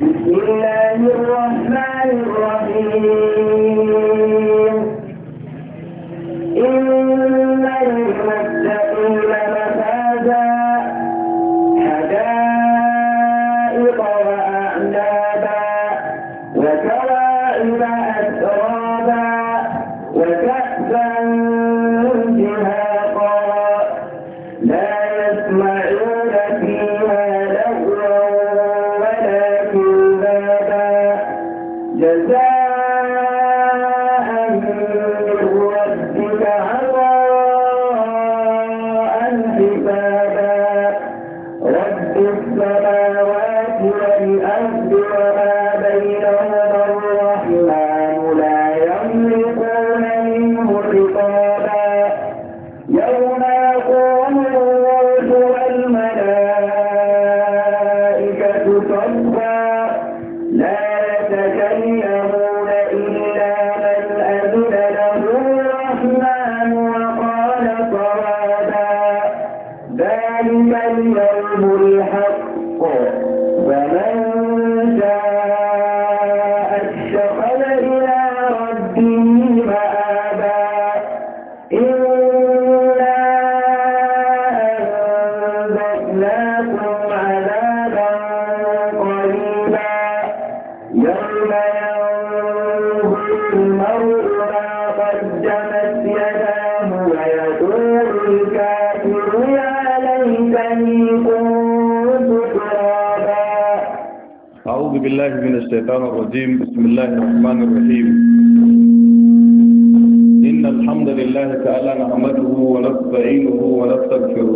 بسم الله الرحمن الرحيم أعوذ بالله من الشيطان الرجيم بسم الله الرحمن الرحيم إن الحمد لله تعالى نحمده ونستعينه ونستغفره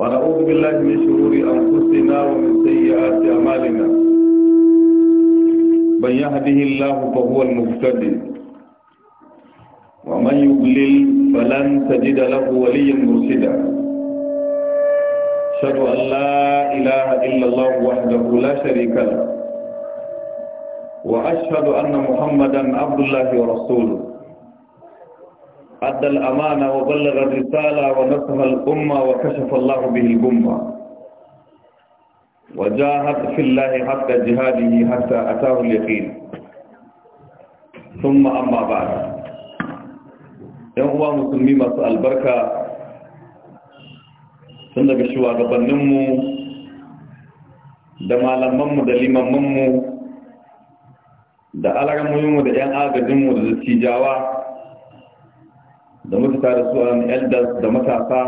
ونعوذ بالله من شرور أنفسنا ومن سيئات أعمالنا من يهده الله فهو المهتدي ومن يضلل فلن تجد له وليا مرشدا وأشهد أن لا إله إلا الله وحده لا شريك له وأشهد أن محمدا عبد الله ورسوله أدى الأمانة وبلغ الرسالة ونصح الأمة وكشف الله به الأمة وجاهد في الله حق جهاده حتى أتاه اليقين ثم أما بعد يوم مسلمين مسأل بركة sun daga shugabanninmu da malamanmu da limamanmu da alaramunmu da 'yan agajinmu da dattijawa da mutu da su an elders da matasa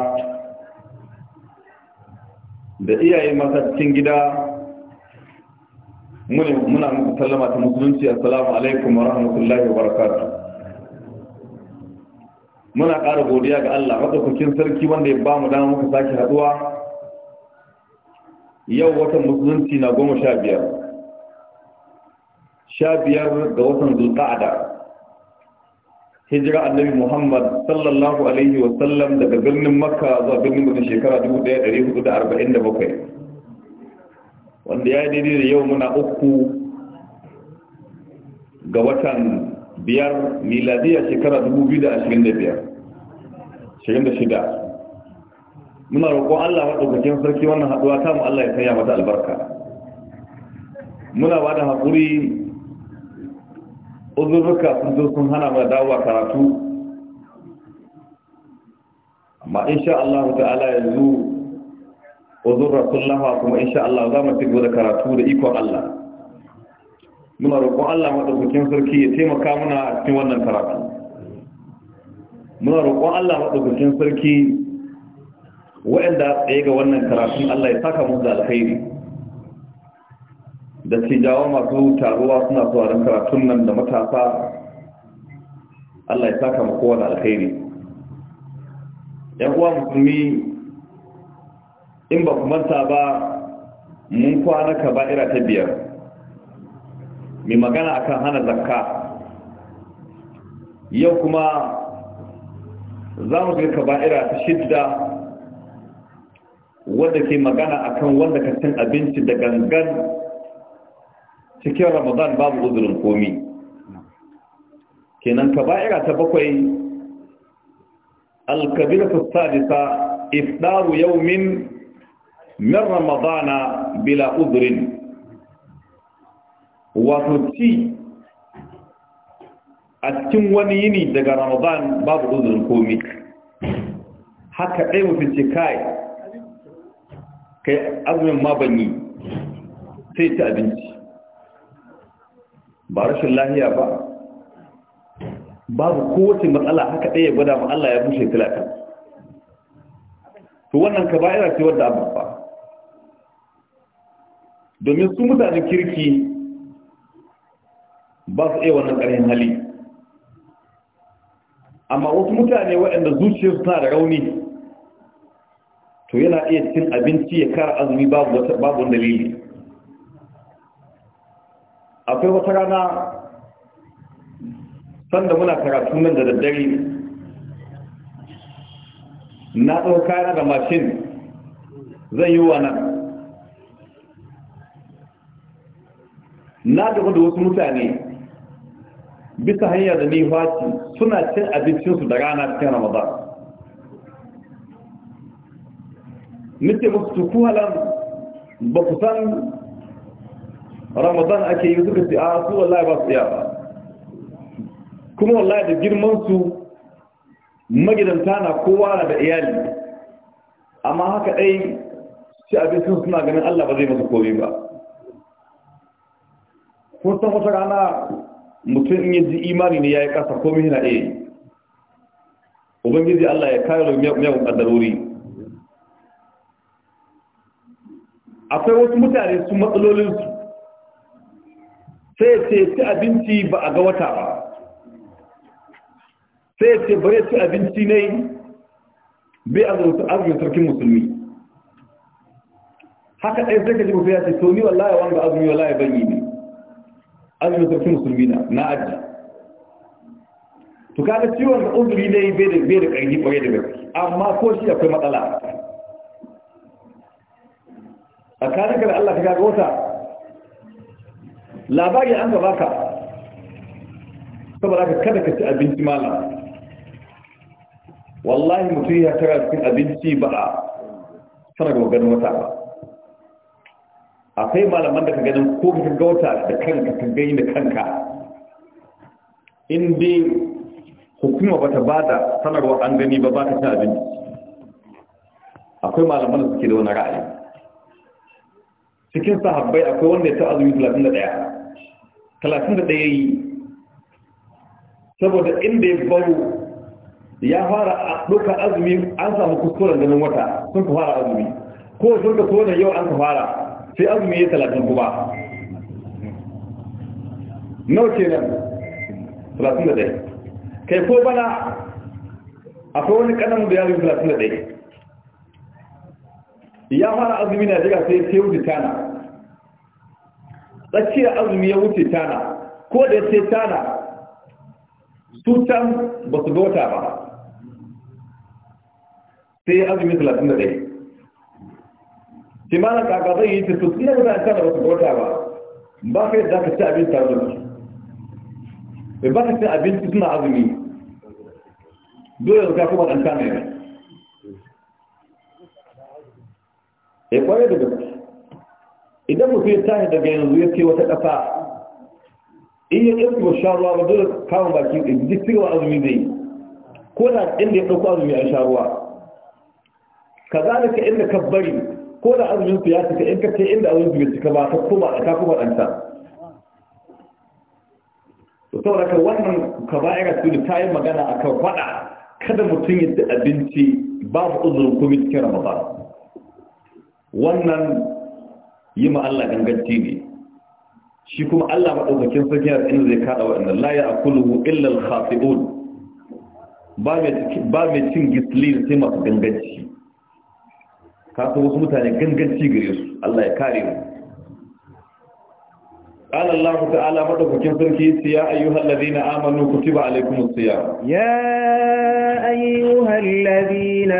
da iyaye masarcin gida muna muku sallama ta musulunci assalamu alaikum wa rahmatullahi wa barakatu. muna ƙara godiya ga Allah maɗaukakin sarki wanda ya ba mu dama muka sake haɗuwa yau watan musulunci na goma sha biyar sha biyar ga watan zulƙa'ada hijira annabi muhammad sallallahu alaihi wa sallam, daga birnin makka zuwa birnin mutum shekara 1447 wanda ya yi daidai da yau muna uku ga watan biyar miladiyar shekara da shida muna roƙon Allah maɗaukakin sarki wannan haɗuwa ta mu Allah ya sanya mata albarka muna ba da haƙuri uzurruka sun zo sun hana mana dawowa karatu amma insha Allah ta'ala yanzu uzurra sun lafa kuma insha Allah za mu ci da karatu da ikon Allah muna roƙon Allah maɗaukakin sarki ya taimaka muna a cikin wannan karatu muna roƙon Allah maɗaukakin sarki waɗanda tsaye ga wannan karatun Allah ya saka musu alkhairi da cijawa masu taruwa suna tsawarin karatun nan da matasa Allah ya saka mu da alkhairi ‘yan’uwa musulmi in ba ku manta ba mun kwana ka ba'ira ta biyar mai magana akan hana zakka yau kuma za mu ga kaba'ira ta shidda wanda ke magana akan wanda ka cin abinci da gangan cikin ramadan babu uzurin komi kenan kaba'ira ta bakwai alkabila ta sadisa ifdaru yau min ramadana bila uzurin wato ci a cikin wani yini daga ramadan babu uzurin komi haka ɗaya mutum ce kai kai azumin ma ban yi sai ta abinci ba rashin lahiya ba babu kowace matsala haka ɗaya gwada ma Allah ya bushe talata to wannan ka ba'ira ce wadda abin ba domin su mutanen kirki ba su iya wannan ƙarfin hali amma wasu mutane waɗanda zuciyarsu suna da rauni to yana iya cin abinci ya kara azumi babu babu dalili akwai wata rana sanda muna karatu nan da daddare na ɗau kayana da mashin zan yi wa nan na gaba da wasu mutane bisa hanya da nifaci suna cin abincinsu da rana cikin ramadan nake musu tuku halan ba ku san ramadan ake yi suka ce a su wallahi ba su iya ba kuma wallahi da girmansu magidanta na kowa na da iyali amma haka ɗai shi abincin suna ganin allah ba zai masu komai ba kun wata rana mutum in yaji imani ne yi kasa komai yana na yi ubangiji Allah ya kare mu yau kadarori akwai wasu mutane su matsalolinsu. sai ya ce ci abinci ba a ga wata ba sai ya ce bare ci abinci ne bai azumin sarkin musulmi haka ɗaya sai ka ji mafi ya ce to ni wallahi azumi wallahi ban yi azumin sarki musulmi na na aji to kaga ciwon da uzuri ne bai da bai da ƙarfi kwaye da gaske amma ko shi akwai matsala a kanin ka da Allah ka kaga wata labari an gaba ka saboda ka kada ka ci abinci mala, wallahi mutum ya tara cikin abinci ba a sanar da maganin wata ba akwai malaman da ka ganin ko ka gauta da kanka ka gani da kanka in dai hukuma ba ba bada sanarwa an gani ba ba ta cin abinci akwai malaman da suke da wani ra'ayi cikin sahabbai akwai wanda ya ta azumi 31 31 yi saboda inda ya baro ya fara a ɗauka azumi an samu kuskuren ganin wata sun ka fara azumi ko sun ka tona yau an ka fara sai mai ya talatin kuma nawa nan talatin da ɗaya kai ko bana akwai wani kanan da yawon talatin da ɗaya ya fara azumi na daga sai sai wuce tana tsakiyar azumi ya wuce tana ko da ya ce tana su can ba su bauta ba sai azumi talatin da ɗaya shi ma nan kaka zai yi ta su ina da ta da wasu kota ba ba ka yadda ka ci abinci tare da su ba ka ci abinci suna azumi dole ka kuma ɗan kame ne ya kwaye da gaske idan mutum ya tashi daga yanzu ya ce wata ƙasa in ya ƙarfi ba sha ruwa ba dole kawon baki da duk cewa azumi zai ko na inda ya ɗauko azumi a sha ruwa ka zalika inda ka bari ko da azumin su ya cika in ka ce inda abin su ya cika ba ka koma ka kuma danta to saboda ka wannan kaba'ira su ne ta yi magana akan faɗa kada mutum yadda abinci abinci babu uzurin komai cikin ramadan wannan yi ma Allah ganganci ne shi kuma Allah maɗaukakin sakiyar inda zai kaɗa waɗanda la a akulu illa al-khati'un ba mai cin gisli sai masu ganganci kasu wasu mutane ganganci gare su Allah ya kare mu قال الله تعالى مدوكين سركي يا ايها الذين امنوا كتب عليكم الصيام يا ايها الذين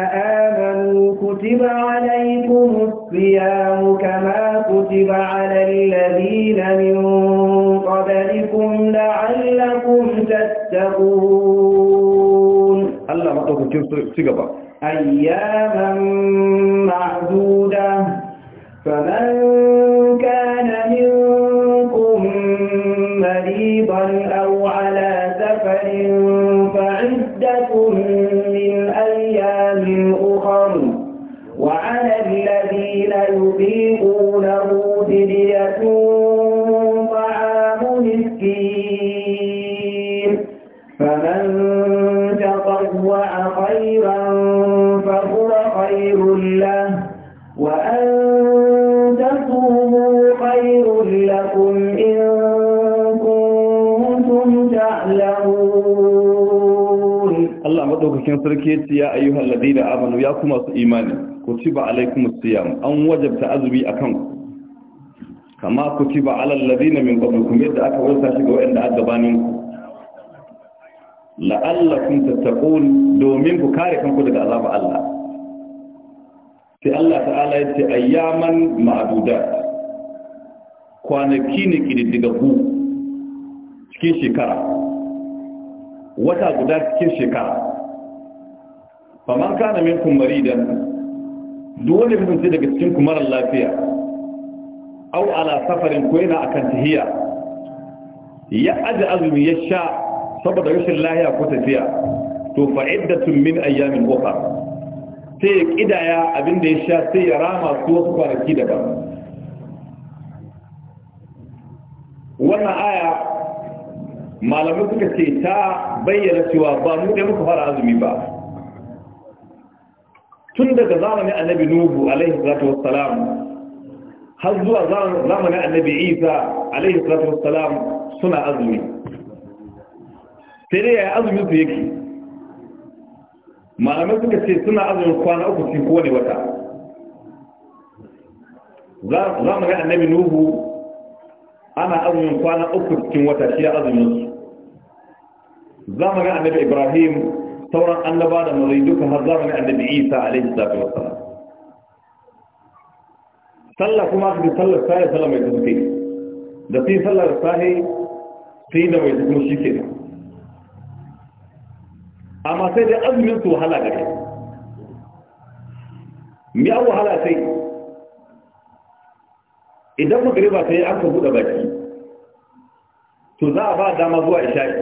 امنوا كتب عليكم الصيام كما كتب على الذين من قبلكم لعلكم تتقون الله مدوكين سركي أياما معدودة فمن كان منكم مريضا أو على سفر فعدة من أيام أخر وعلى الذين يطيقونه فدية طعام مسكين فمن تطوع خيرا وأن تصوموا خير لكم إن كنتم تعلمون الله مدوكين سركيت يا أيها الذين آمنوا يا كما إيماني كتب عليكم الصيام أن وجبت أزبي أكمكم kama kutiba alal ladina min qablikum yadda aka wurta shi ga wanda a gabanin ku la'allakum tattaqun domin ku kare kanku daga azabar Allah sai Allah ta'ala ya ce ayyaman ma'adudat kwanaki ne ƙididdigaggu cikin shekara wata guda cikin shekara faman kana minkum maridan duk wanda kasance daga cikin kumarar lafiya au ala safarin kwena a akan tahiya ya aji azumi ya sha saboda rashin lahiya ko tafiya to fa'iddatun min ayyamin ukhra sai ya kidaya abinda ya sha sai ya rama su wasu kwanaki daban wannan aya malamai suka ce ta bayyana cewa ba mu da muka fara azumi ba tun daga zamanin annabi nuhu alaihi salatu wassalam har zuwa zamanin annabi isa alaihi salatu wassalam suna azumi sai dai ya azumi su yake malamai suka ce suna azumin kwana uku cikin kowane wata za mu ga annabi nuhu ana azumin kwana uku cikin wata shi ya azumin su za mu ga annabi ibrahim sauran annaba da mazai duka har za mu ga annabi isa alaihi salatu wassalam sallah kuma aka sallar sahi sallar mai tafi da sai sallar sahi sai da mai tafi shi kenan amma sai dai azumin su wahala gare mi an wahala sai idan magariba ta yi an ka buɗe baki to za a ba dama zuwa isha'i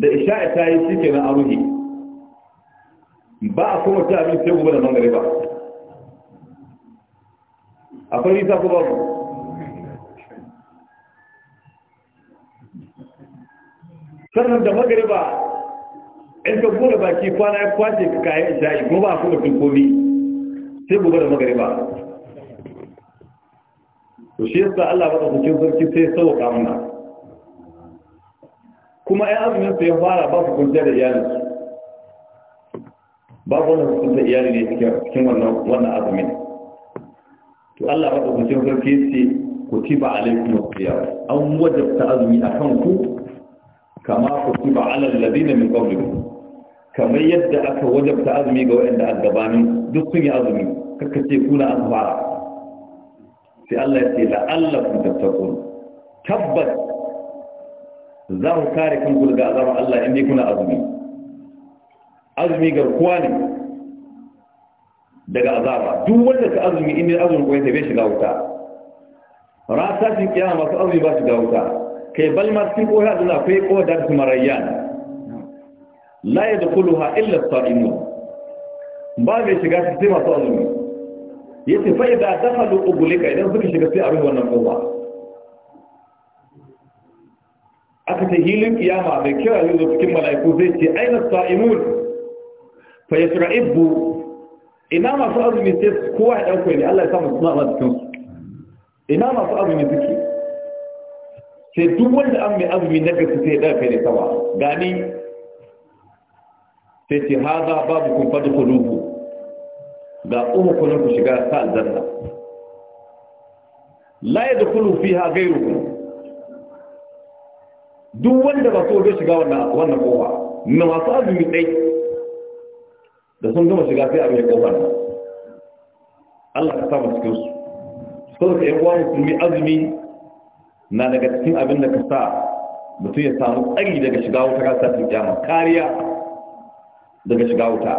da isha'i ta yi shi ke na aruhi ba a kuma ta abin sai gobe da magariba akwai nisa ko ba sannan da magariba in ka bude baki kwana ya kwace ka kayan isha'i kuma ba kuma tun komi sai gobe da ba. to shi yasa Allah baka cin sarki sai sauka kamuna kuma ai azumin sai ya fara ba su kunta da iyali ba ku wannan kunta iyali ne cikin wannan azumin to Allah baka cin sarki sai ba a laifin siyam an wajabta azumi kan ku kama kutiba alal ladina min qablikum kamar yadda aka wajabta azumi ga wayanda a gabanin duk sun yi azumi kakka ce kuna an fara sai Allah ya ce da Allah kun tattakun tabbas za ku kare kanku daga azabar Allah in dai kuna azumi azumi garkuwa ne daga azaba duk wanda ka azumi in dai azumin koyi sai bai shiga wuta rasa shi kiyama masu azumi ba shiga wuta kai balma sun koyi azumi akwai ko da su marayyan la ya ha illa sa'imun ba mai shiga su sai masu azumi ya ce fai da dafalu ugulika idan suka shiga sai a rufe wannan kowa aka ce hilin kiyama mai kira yanzu cikin mala'iku zai ce aina sa'imun fa ya shira'ibu ina masu azumi sai kowa ya ɗauko ne Allah ya samu suna a su ina masu azumi suke sai duk wanda an mai azumi na gaske sai ya ɗauka ne sama gani sai ce haza babu kun fadi kulubu ga umukunan ku shiga ta aljanna la ya dukulu fiha gairukum duk wanda ba so bai shiga wannan kowa, kofa na masu azumi dai da sun gama shiga sai abin ya kofar Allah ka samu cikin su saboda yan uwa musulmi azumi na daga cikin abin da ka sa mutum ya samu tsari daga shiga wata rasa ta kiyama kariya daga shiga wuta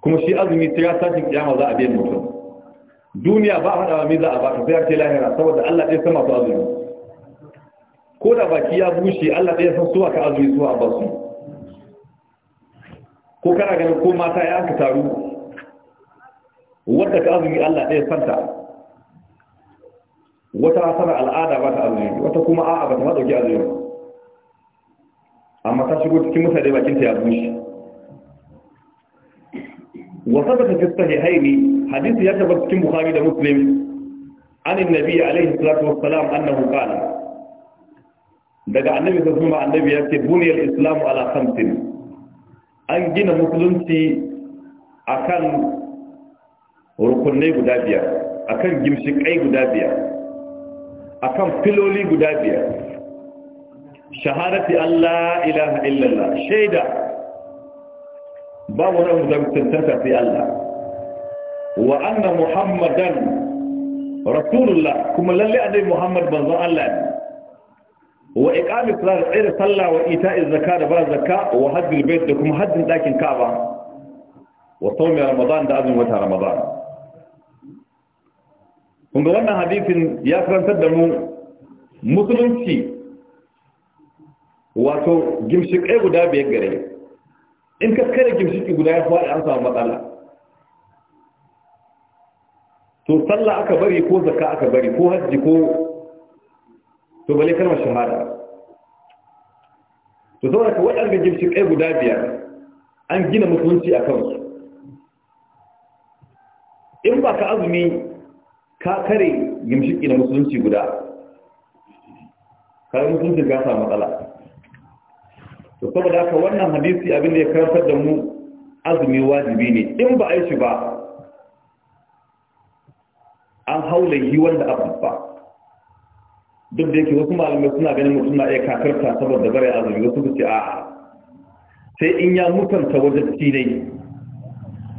kuma shi azumi sai ya tashi kiyama za a biyan mutum duniya ba a haɗawa me za a baka sai ce lahira saboda Allah ɗaya sama su azumi ko da baki ya bushe Allah ɗaya san suwa ka azumi suwa ba su ko kana ganin ko mata ya aka taru wadda ka azumi Allah ɗaya santa wata sana al'ada ba ta azumi wata kuma a'a ba ta ma ɗauki azumi amma ta shigo cikin mutane bakin ta ya bushe wa ta fi sahihaini hadisi ya tabbata cikin bukhari da muslim an annabi alaihi salatu wassalam annahu qala daga annabi sai kuma wasallam annabi yace buniyal islamu ala khamsin an gina musulunci akan rukunai guda biyar akan gimshikai guda biyar akan filoli guda biyar shahadati Allah ilaha illallah shaida babu wani da tantanta fi Allah wa anna muhammadan rasulullah kuma lalle annabi muhammad banzon Allah ne wa iqamis salat da sallah wa ita'iz zakat da ba zakka wa hajjul bait da kuma hajjin dakin Ka'aba wa sawmi ramadan da azumin wata ramadan kun ga wannan hadisin ya karantar da mu musulunci wato gimshikai guda biyar gare in ka kare gimshiki guda ya faɗi an samu matsala to sallah aka bari ko zakka aka bari ko hajji ko to bale kalmar shahada to saboda ka waɗanda gimshikai guda biyar an gina mutunci a kansu in ba ka azumi ka kare gimshiki na musulunci guda kare musulunci ka samu matsala to saboda haka wannan hadisi abin da ya karantar da mu azumi wajibi ne in ba a yi shi ba an haula yi wanda abu ba duk da yake wasu malamai suna ganin mutum na iya kakarta saboda bare azumi wasu su ce a sai in ya mutanta wajen cinai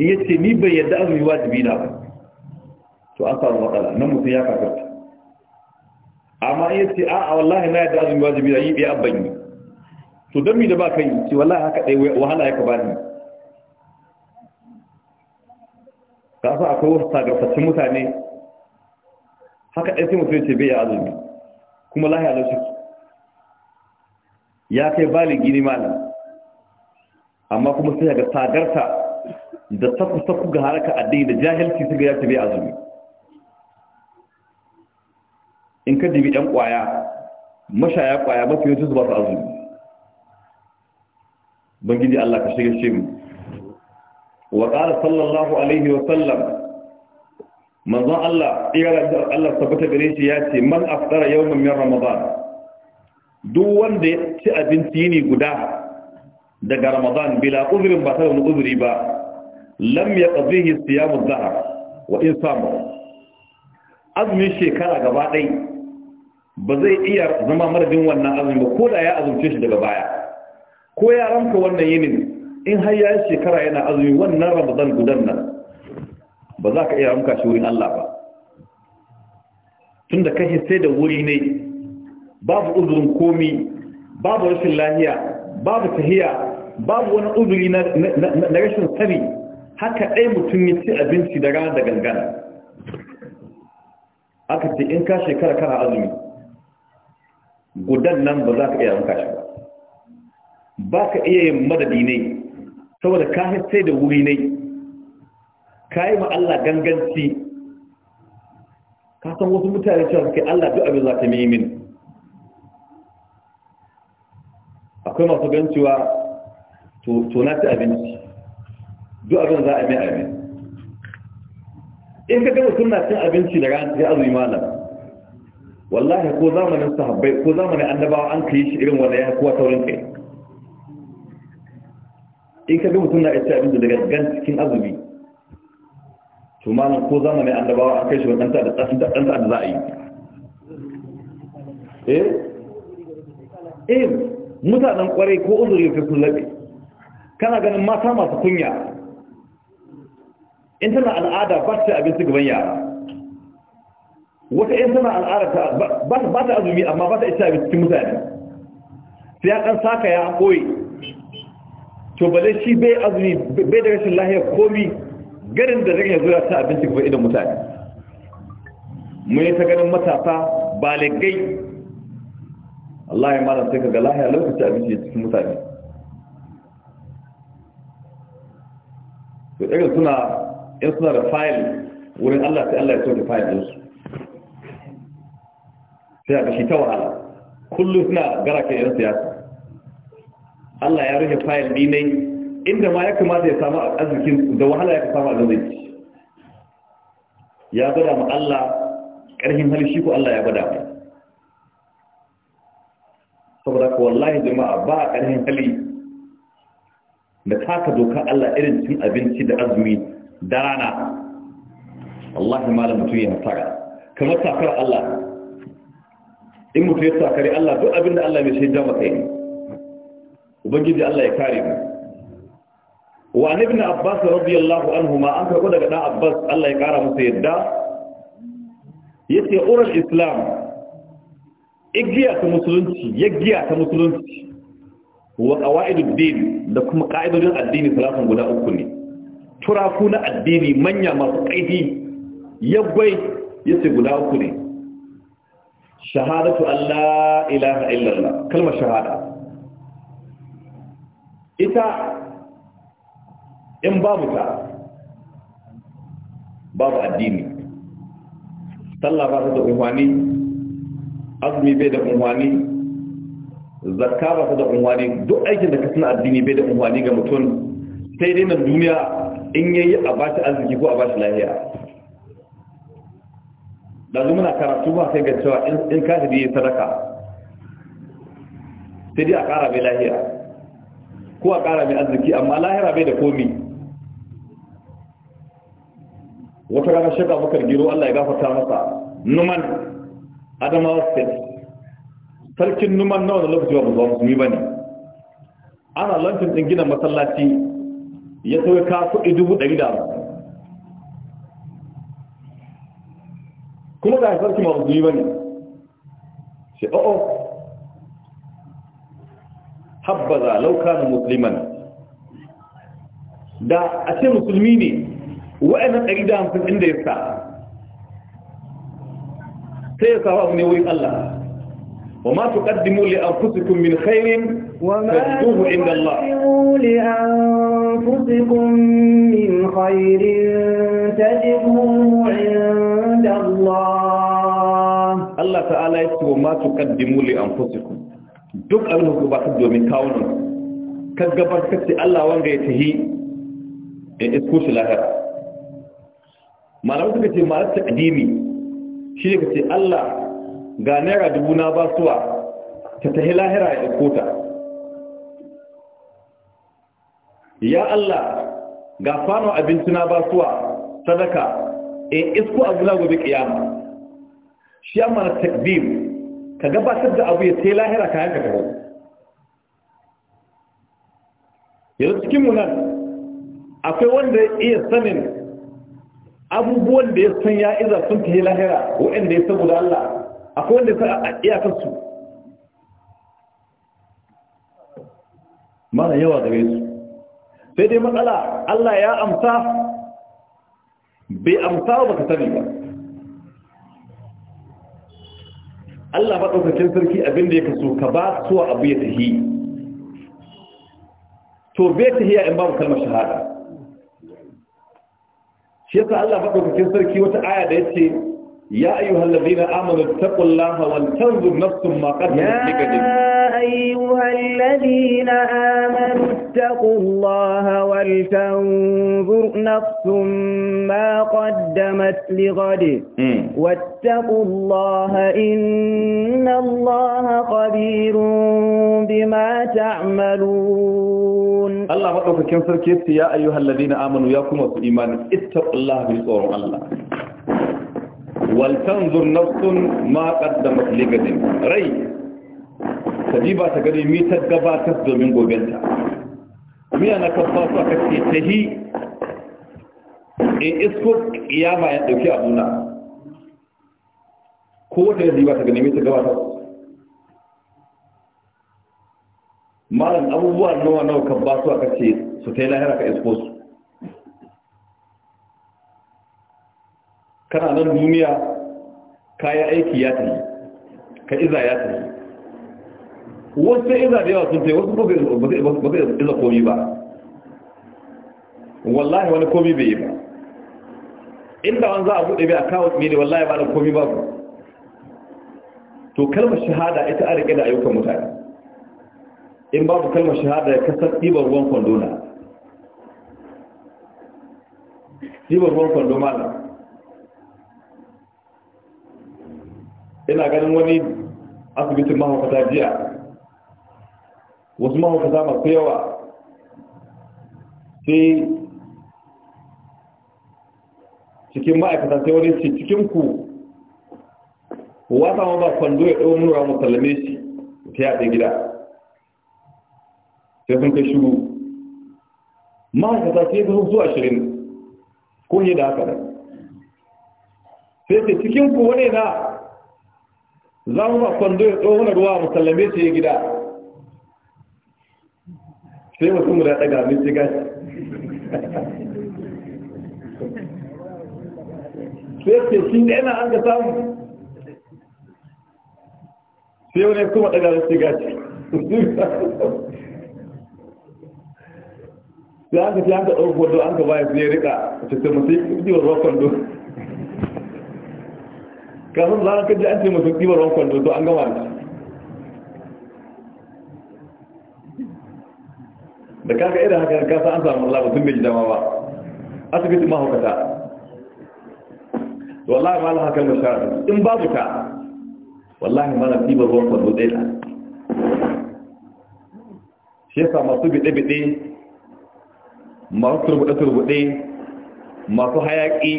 in ya ce ni bai yadda azumi wajibi na ba to an samu matsala nan mutum ya kakarta amma in ya ce a a wallahi na yadda azumi wajibi na yi bai abban yi to don mi da ba kai ce wallahi haka ɗai wahala ya ka ba ni ka sa akwai wasu tagarfacin mutane haka ɗai sai mutum ya ce bai ya azumi kuma lahi a lashi ya kai Bali gini malam amma kuma sai ga tagarta da saku-saku ga haraka addini da jahilci sai ga ya ce bai azumi in ka dibi ɗan ƙwaya mashaya ƙwaya mafi yawancin su ba su azumi ubangiji Allah ka shirye shi mu wa qala sallallahu alaihi wa sallam manzon Allah iyara da Allah tabbata gare shi ya ce man aftara yawman min ramadan duk wanda ya ci abinci yini guda daga ramadan bila uzrin ba ta da uzuri ba lam yaqdihi siyamu dhahar wa in azumin shekara gaba ɗaya. ba zai iya zama marabin wannan azumin ba ko da ya azumce shi daga baya ko ya ranka wannan yinin in har ya shekara yana azumi wannan ramadan gudan nan ba za ka iya ranka shi wurin Allah ba tun da sai da wuri ne babu uzurin komi babu rashin lahiya babu tahiya babu wani uzuri na rashin sani haka ɗai mutum ya ci abinci da rana da gangana aka ce in ka shekara kana azumi gudan nan ba za ka iya ranka shi ba ba ka iya yin madadi ne saboda ka haifai da wuri ne ka yi Allah ganganci ka san wasu mutane cewa suke Allah duk abin za ta yi min akwai masu gancewa to na ci abinci duk abin za a yi abin in ka gaba suna cin abinci da ranar, ya azu malam wallahi ko zamanin sahabbai ko zamanin annabawa an kai shi irin wanda ya hakuwa taurin kai in ka ga mutum na ita abin da daga gan cikin azumi to ma ko zamanin annabawa an kai shi wa ɗanta da ɗanta da za a yi eh eh mutanen kwarai ko uzuri sai sun laɓe kana ganin mata masu kunya in tana al'ada ba ta abinci gaban yara wata in tana al'ada ba ta azumi amma ba ta isa abinci cikin mutane sai ya kan saka ya koyi to bale shi bai azumi bai da rashin lahiyar komi garin da zai yanzu ya sa abinci ga idan mutane mun yi ta ganin matasa baligai Allah ya mara sai ga lahiyar lokacin abinci cikin mutane to irin suna in suna da fayil wurin Allah sai Allah ya soke da fayil su. sai a shi ta wahala kullum suna gara kan yan siyasa Allah ya rufe fayil dinai inda ma ya kamata ya samu arzikin da wahala ya samu arziki ya gwada ma Allah ƙarfin shi ko Allah ya gwada mai saboda ko wallahi jama'a ba a ƙarfin hali da taka doka Allah irin cin abinci da azumi da rana wallahi malam mutum ya tsara kamar takar Allah in mutum ya takari Allah duk abin da Allah mai shaida maka yi ubangiji Allah ya kare mu wa an ibn abbas radiyallahu anhuma an karbo daga dan abbas Allah ya kara musu yadda yace ural islam igiya ta musulunci yagiya ta musulunci wa qawaidud din da kuma qa'idodin addini salafun guda uku ne turafu na addini manya masu kaifi yaggwai yace guda uku ne shahadatu an la ilaha illallah kalmar shahada ita in babu ta babu addini sallah ba da unwani azumi bai da unwani zakka ba da unwani duk aikin da ka suna addini bai da unwani ga mutum sai dai na duniya in yayi a ba shi arziki ko a ba shi lahiya da muna karatu ba sai ga cewa in ka hadiye sadaka sai dai a kara bai lahiya ko a ƙara mai arziki amma lahira bai da komi wata rana shaka bakar giro Allah ya gafarta masa numan adamawa state sarkin numan na wani lokaci ba musulmi ba ne ana lantin ɗin gina masallaci ya sauya ka dubu ɗari da kuma da sarki ba musulmi ba ne habbaza law kana musliman da a ce musulmi ne wa'annan 150 inda ya sa sai ya sa ne wurin Allah وما تقدموا لأنفسكم من خير تجدوه عند الله لأنفسكم من خير تجدوه عند الله الله تعالى يكتب ما تقدموا لأنفسكم duk abin da su domin kawo ne ka gabar ce Allah wanda ya tahi ya isko shi lahar malamai suka ce malar taqdimi shi ne ka ce Allah ga naira dubu na basuwa ta tahi lahira ya isko ta ya Allah ga fano abinci na basuwa sadaka in isko abu na gobe kiyama shi amma takdim ka gabatar da abu ya sai lahira ka yanka taho yanzu cikin mu nan akwai wanda ya iya sanin abubuwan da ya san ya iza sun ta yi lahira waɗanda ya saboda Allah akwai wanda ya san a iyakarsu mana yawa gare su sai dai matsala Allah ya amsa bai amsa ba ka sani ba Allah maɗaukacin sarki abinda ya kaso ka ba su abu ya tahi to bai tahiya in babu kalmar shahada shi yasa Allah maɗaukacin sarki wata aya da ya ce ya ayyuhallazina amanu taqullaha wal tanzur nafsun ma qaddamat lighadin أيها الذين آمنوا اتقوا الله ولتنظر نفس ما قدمت لغد واتقوا الله إن الله خبير بما تعملون الله أكبر كم سركت يا أيها الذين آمنوا ياكم وفي إيمان اتقوا الله بصور الله ولتنظر نفس ما قدمت لغد ري ka ba ta gani mi ta gabatar domin gobenta miya na kafa su aka ce ta hi in isko kiyama ya a abuna ko wata yi ba ta gani mi ta gabatar malam abubuwa nawa nawa kan ba su aka ce su ta yi lahira ka isko su kana nan duniya kayan aiki ya tafi ka iza ya yi wasu sai da yawa sun sai wasu ba zai iza komi ba wallahi wani komi bai yi ba inda wani za a buɗe bai a kawo ne wallahi ba da komi ba to kalmar shahada ita a rike da ayyukan mutane in babu kalmar shahada ya kasar ɗibar ruwan kwando na ɗibar ruwan kwando mana ina ganin wani asibitin mahaukata jiya wasu mahaukata masu yawa sai cikin ma'aikata sai wani ce cikinku wata ma ba kwando ya ɗau nura mu shi ta yaɗe gida sai sun kai shigo ma'aikata sai zuwa zuwa shirin, ko ne da haka da sai ce cikinku wani na za mu ba kwando ya ɗau nura ruwa mu shi ya gida sai mutum da ɗaga abin shiga sai ce shi da yana an ga samu sai wani kuma ɗaga abin shiga sai an ka ce an ka ɗauki wado an ka baya sai rika cikin mutum ɗiwar rokon do kafin zanen kaji an ce mutum ɗiwar ruwan kwando to an gama shi da kaga irin haka ka san an samu Allah mutum bai dama ba asibiti ma hukata wallahi ma la haka musharatu in ba ta wallahi ma na ba ruwan kwallo dai da shi yasa masu bide-bide masu turbuɗe-turbuɗe masu hayaƙi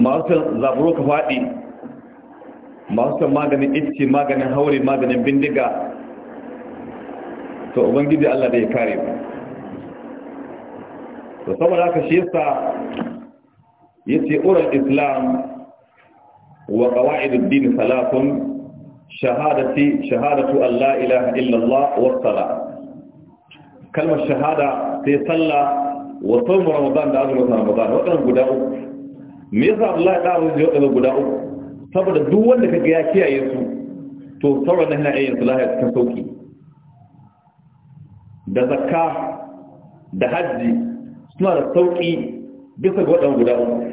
masu zaburo ka faɗi masu kan maganin itce maganin haure maganin bindiga to ubangiji Allah da ya kare ba. to saboda haka shi yasa yace uran islam wa qawaid ad-din salatun shahadati shahadatu an la ilaha illa Allah wa salat kalmar shahada sai sallah wa sawm ramadan da azumin ramadan wadannan guda uku me yasa Allah ya dawo da wadannan guda uku saboda duk wanda kaga ya kiyaye su to sauran nan yana yin salaha ta sauki da zakka da hajji suna da sauƙi bisa ga waɗanda guda uku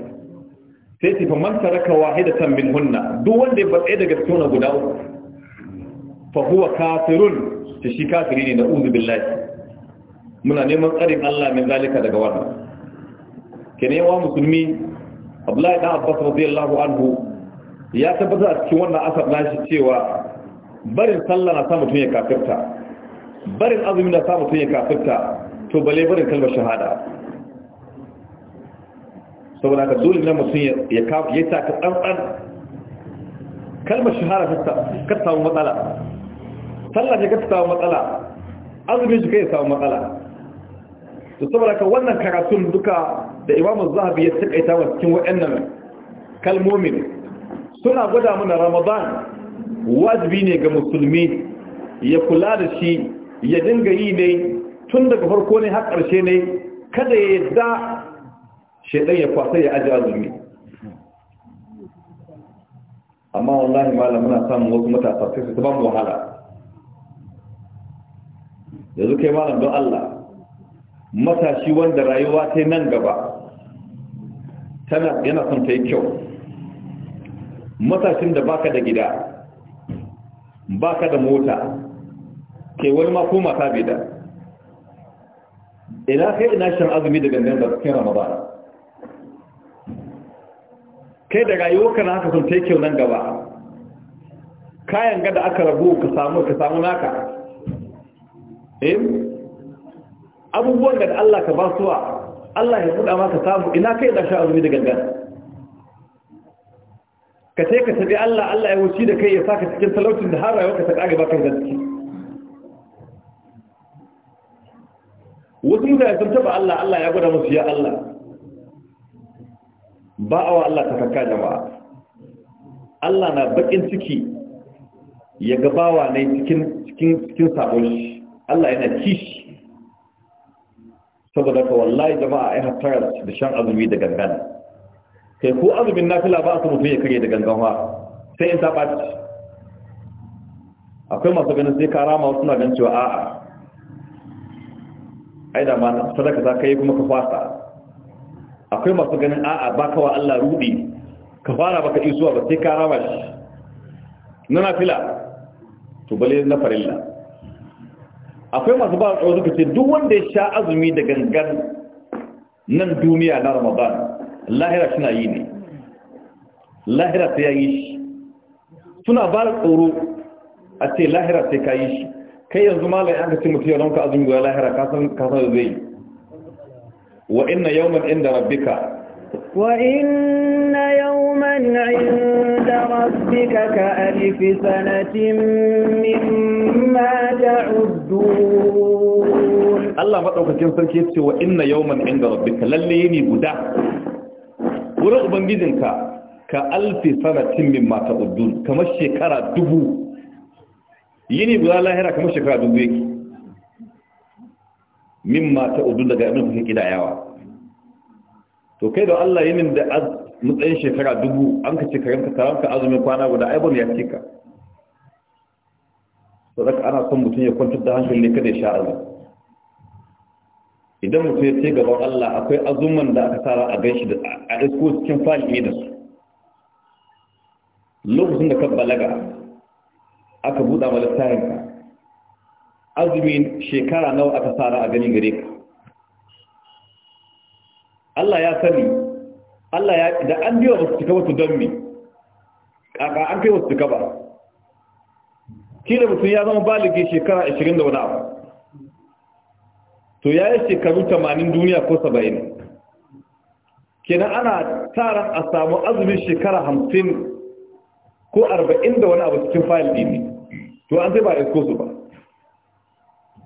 sai ce faman taraka wahidatan min hunna duk wanda ya batsaye daga tona guda uku fa huwa kafirun ta shi kafiri ne na uzu billahi muna neman tsarin Allah min zalika daga wannan kene wa musulmi Abdullahi dan Abbas radiyallahu anhu ya tabbata a cikin wannan asar nashi cewa barin sallah na sa mutum ya kafirta barin azumi na sa mutum ya kafirta to bale barin kalmar shahada saboda ka dole na mutum ya kafa ya ta tsantsan kalmar shahada ka samu matsala sallah ka samu matsala azumin shi ka samu matsala to saboda ka wannan karatun duka da imamu zahabi ya takaita wa cikin waɗannan kalmomin suna gwada mana ramadan wajibi ne ga musulmi ya kula da shi ya dinga yi ne tun daga farko ne har ƙarshe ne kada ya yadda shaidan ya kwasa ya aji azumi amma wallahi malam muna samun wasu matasa sai su ba mu wahala yanzu kai malam don Allah matashi wanda rayuwa ta nan gaba tana yana son ta yi kyau matashin da baka da gida baka da mota ke wani ma ko mata bida ina kai ina shan azumi da gangan da cikin ramadan kai da rayuwa kana na haka sun take kyau nan gaba kayan gada aka rabu ka samu ka samu naka eh abubuwan da Allah ka ba suwa Allah ya buɗa maka samu ina kai ina shan azumi da gangan ka sai ka tabi Allah Allah ya wuce da kai ya saka cikin talaucin da har rayuwarka ta kare baka da ciki wasu mutane sun taba Allah Allah ya gwada musu ya Allah ba awa Allah ta kakka jama'a Allah na bakin ciki ya gabawa ne cikin cikin cikin sabon shi Allah yana kishi saboda ka wallahi jama'a ai hatara da shan azumi da gangan kai ko azumin nafila ba su mutum ya kare da gangan wa sai in ta ɓaci akwai masu ganin sai karama wasu na gan cewa a'a aida ma na sadaka za ka yi kuma ka fasa akwai masu ganin a'a ba kawa Allah rudi ka fara ba ka baka zuwa ba sai ka rama shi na fila, to bale na farilla akwai masu ba tsoro suka ce duk wanda ya sha azumi da gangan nan duniya na ramadan lahira suna yi ne lahira sai ya yi shi suna ba da tsoro a ce lahira sai ka yi shi kai yanzu malai an ka ce mutum ya ranka azumi guda lahira kasan kasan zai wa inna yawman inda rabbika wa inna yawman inda rabbika ka alif sanatin mimma ta'uddun Allah madaukakin sarki yace wa inna yawman inda rabbika lalle yini guda wurin ubangijinka ka alfi sanatin mimma ta'uddun kamar shekara dubu yini guda lahira kamar shekara dubu yake min ma ta udu daga abin kuke kidayawa to kai da Allah yi min da matsayin shekara dubu an ka ce karanka taronka azumin kwana guda aibon ya ka to zaka ana son mutum ya kwantar da hankali ne kada ya sha azu idan mutum ya ce gaban Allah akwai azuman da aka tara a ganshi da a isko cikin fali da su lokacin da ka balaga aka buɗa wa littafin ka azumin shekara nawa aka tsara a gani gare ka Allah ya sani Allah ya da an biyo wasu cika wasu don me kaka an kai wasu cika ba kila mutum ya zama baligi shekara 20 da wani abu to ya yi shekaru 80 duniya ko 70 kenan ana tara a samu azumin shekara 50 ko 40 da wani abu cikin fayil ɗin ne to an sai ba a isko su ba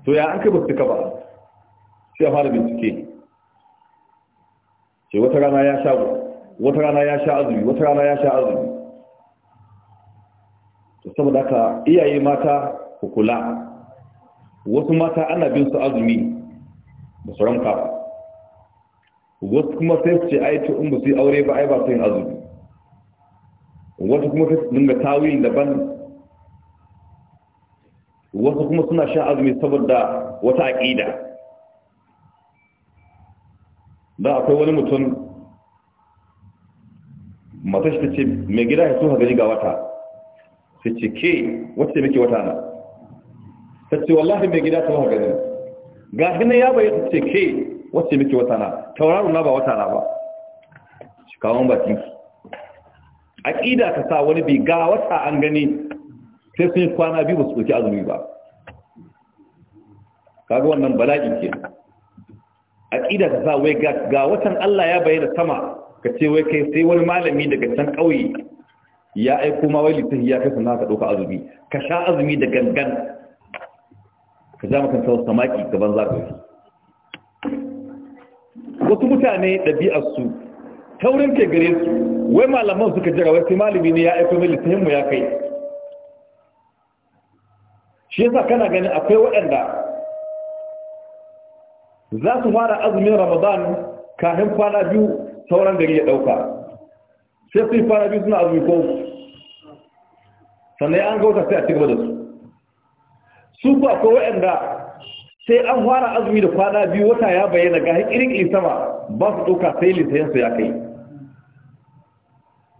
to ya an kai ba ba sai a fara bincike ce wata rana ya sha wata rana ya sha azumi wata rana ya sha azumi to saboda ka iyaye mata ku kula wasu mata ana bin su azumi ba su ramka ba wasu kuma sai su ce a yi in ba su yi aure ba ai ba su yin azumi wasu kuma sai su dinga tawil daban wasu kuma suna shan azumi saboda wata aƙida da akwai wani mutum matashi ta ce mai gida ya suha gani ga wata sai ce ke wacce muke wata na ta ce wallahi mai gida ta gani ga gina ya bayi ta ce ke wacce muke wata na tauraro na ba wata na ba shi kawon bakin aƙida ka sa wani bi ga wata an gani sai sun yi kwana biyu ba su ɗauki azumi ba kaga wannan bala'i ke ƙida ta sa wai ga watan Allah ya bayyana sama ka ce wai kai sai wani malami daga can ƙauye ya aiko ma wai littafi ya kai sana ka ɗauka azumi ka sha azumi da gangan ka ja maka sau samaki gaban yi. wasu mutane ɗabi'arsu taurin ke gare su wai malaman suka jira wai sai malami ne ya aiko mai littafin mu ya kai shi yasa kana gani akwai waɗanda za su fara azumin ramadan kafin kwana biyu sauran gari ya ɗauka sai su yi kwana biyu suna azumi ko sannan an gauta sai a cikin da su su ba waɗanda sai an fara azumi da kwana biyu wata ya bayyana ga irin sama ba su ɗauka sai lisayensu ya kai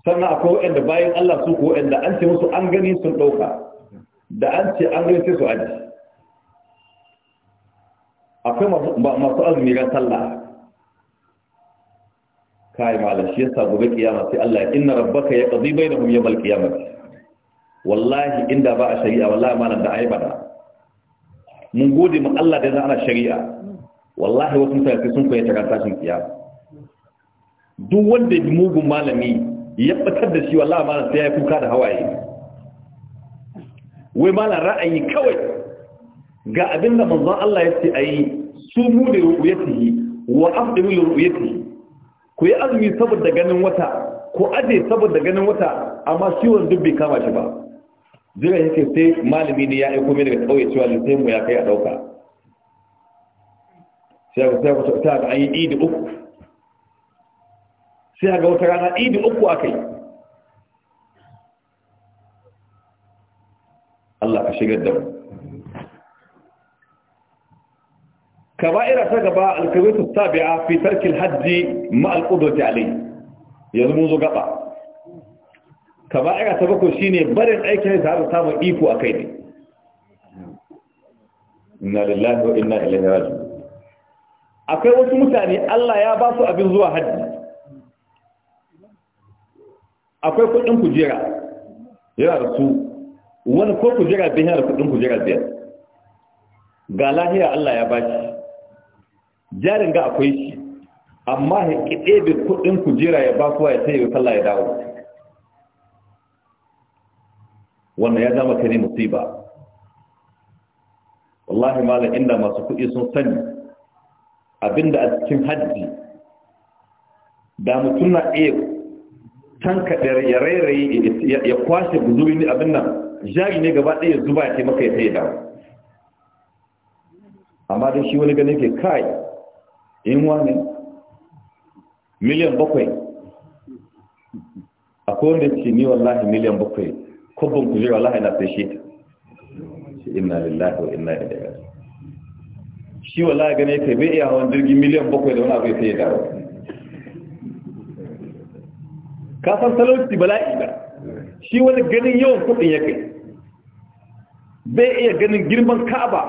sannan akwai waɗanda bayan allah su ko waɗanda an ce musu an gani sun ɗauka da an ce an gani sai su aji akwai masu azumi ran sallah kai malam shi yasa gobe kiyama sai Allah inna rabbaka ya qadi bainahum yawm al-qiyamah wallahi inda ba a shari'a wallahi malam da ai bada mun gode mu Allah da yana ana shari'a wallahi wasu mutane sai sun koyi takan tashin kiyama duk wanda ya mugun malami ya fitar da shi wallahi malam sai ya kuka da hawaye wai ma na ra'ayi kawai ga abin da manzon Allah ya ce a yi su mu da ru'uyatihi wa afdalul ru'yati ku yi azumi saboda ganin wata ku aje saboda ganin wata amma ciwon duk bai kama shi ba jira yake sai malami ne ya aiko mai daga kauye cewa lisai mu ya kai a dauka sai ga wata ga idi uku sai ga wata rana idi uku akai Allah ka shigar da mu kaba'ira ta gaba alkabaitu tabi'a fi tarkil hajji ma alqudrati alayhi yanzu mun zo gaba kaba'ira ta bako shine barin aikin da har samu iko kai ne inna lillahi wa inna ilaihi raji'un akwai wasu mutane Allah ya ba su abin zuwa hajji akwai kudin kujera yana da su wani ko kujera biyar da kudin kujera biyar ga lahiya Allah ya bashi jarin ga akwai shi amma ya kiɗe da kudin kujera ya ba kuwa ya sai ya sallah ya dawo wannan ya zama kare musiba wallahi malam inda masu kuɗi sun sani abinda a cikin haddi. da mutum na iya da ya rairaye ya kwashe guzuri ne abin nan jari ne gaba ɗaya zuba ya taimaka ya taida dawo amma don shi wani ganin ke kai in wani miliyan bakwai a kowane ce ni wallahi miliyan bakwai kubban kujera wallahi na sai shi ta inna lillahi wa inna ilaihi shi wallahi ganin ke bai iya hawan jirgin miliyan bakwai da wani abu ya tsaye dawo ka talauci bala'i ba shi wani ganin yawan kudin ya kai bai iya ganin girman kaba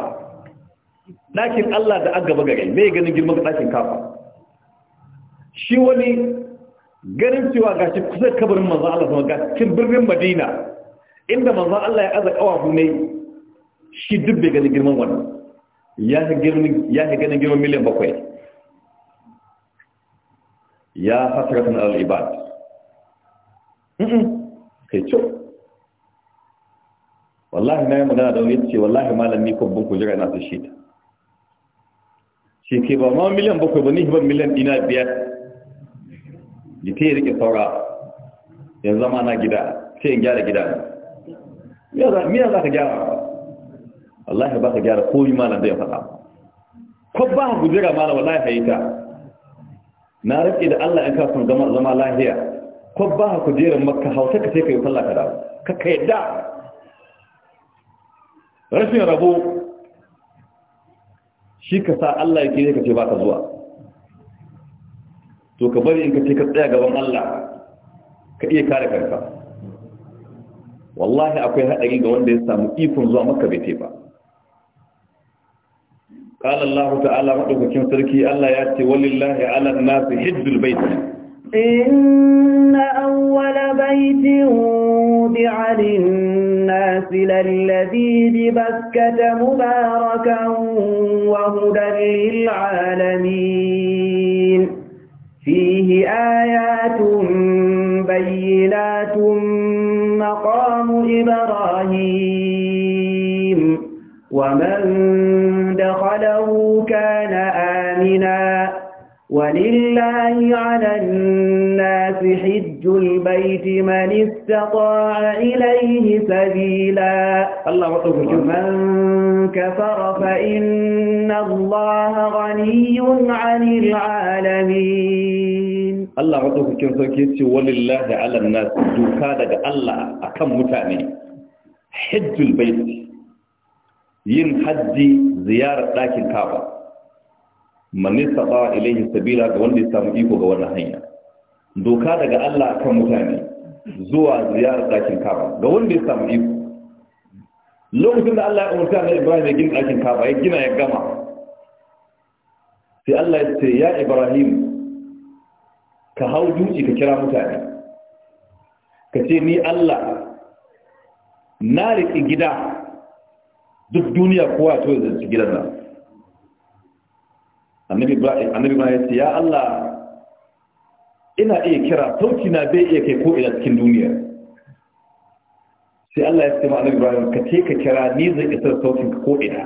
ɗakin Allah da an gaba gare bai ganin girman ɗakin kaba. shi wani ganin cewa gashi kusa kabarin manzo Allah sama ga cikin birnin Madina inda manzo Allah ya aza kawafu ne shi duk bai ganin girman wannan ya ga girman ya ga ganin girman miliyan bakwai ya hasratan al-ibad kai ce wallahi na yi magana da wani ce wallahi malam ni bunku jira na su shi ta shi ke ba ma miliyan bakwai ba ni ban miliyan dina biyar ya ta rike saura yanzu zama na gida ce in gyara gida miya za ka gyara wallahi ba ka gyara yi malam da ya faɗa ko ba ku jira malam wallahi hayita na rike da allah in ka zama lahiya ba ku jera makka hausa ka sai ka yi sallah ka da, ka ka yadda rashin rabo shi ka sa Allah ya kire ka ce ba ka zuwa to ka bari in ka ce ka tsaya gaban Allah ka iya kare kanka wallahi akwai haɗari ga wanda ya samu ikon zuwa makka bai ce ba قال الله تعالى مدوكين سركي الله ياتي ولله على الناس حج البيت أول بيت وضع للناس للذي ببكة مباركا وهدى للعالمين فيه آيات بينات مقام إبراهيم ومن دخله كان آمنا ولله على الناس حد حِجُّ الْبَيْتِ مَنِ اسْتَطَاعَ إِلَيْهِ سَبِيلًا الله أكبر فمن كفر فإن الله غني عن العالمين الله أكبر ولله على الناس دوكادك الله أكم متاني حِجُّ الْبَيْتِ يِنْ حَجِّ زِيَارَ لَكِنْ كَابَ مَنِ اسْتَطَاعَ إِلَيْهِ سَبِيلًا وَنْدِي سَمْئِكُ وَنَهَيَّا doka daga Allah kan mutane zuwa ziyarar ɗakin kaba ga wanda ya samu iko lokacin da Allah ya umarta na Ibrahim ya gina ɗakin kaba ya gina ya gama sai Allah ya ce ya Ibrahim ka hau duci ka kira mutane ka ce ni Allah na riƙi gida duk duniya kowa to yanzu gidan nan annabi Ibrahim ya ce ya Allah ina iya kira sauti na bai iya kai ko ina cikin duniya sai Allah ya ce ma annabi Ibrahim ka ce ka kira ni zai isa sautin ka ko ina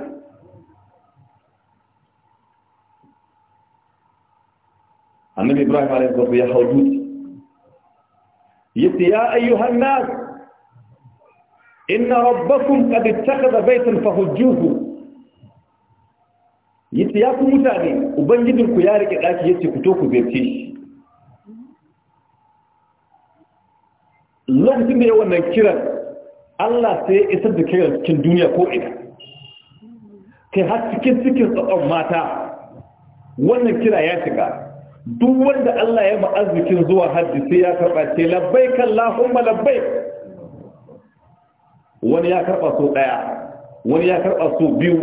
annabi Ibrahim alaihi salatu ya hawjud yace ya ayyuhan nas inna rabbakum qad ittakhadha baytan fahujjuhu yace ya ku mutane ubangijinku ya rike daki yace ku to ku bece shi lokacin da ya wannan kiran Allah sai ya isar da kiran cikin duniya ko ina kai har cikin cikin tsakon mata wannan kira ya shiga duk wanda Allah ya ma'azikin zuwa haddi sai ya karɓa ce kan Allahumma labbai. wani ya karɓa so ɗaya wani ya karɓa so biyu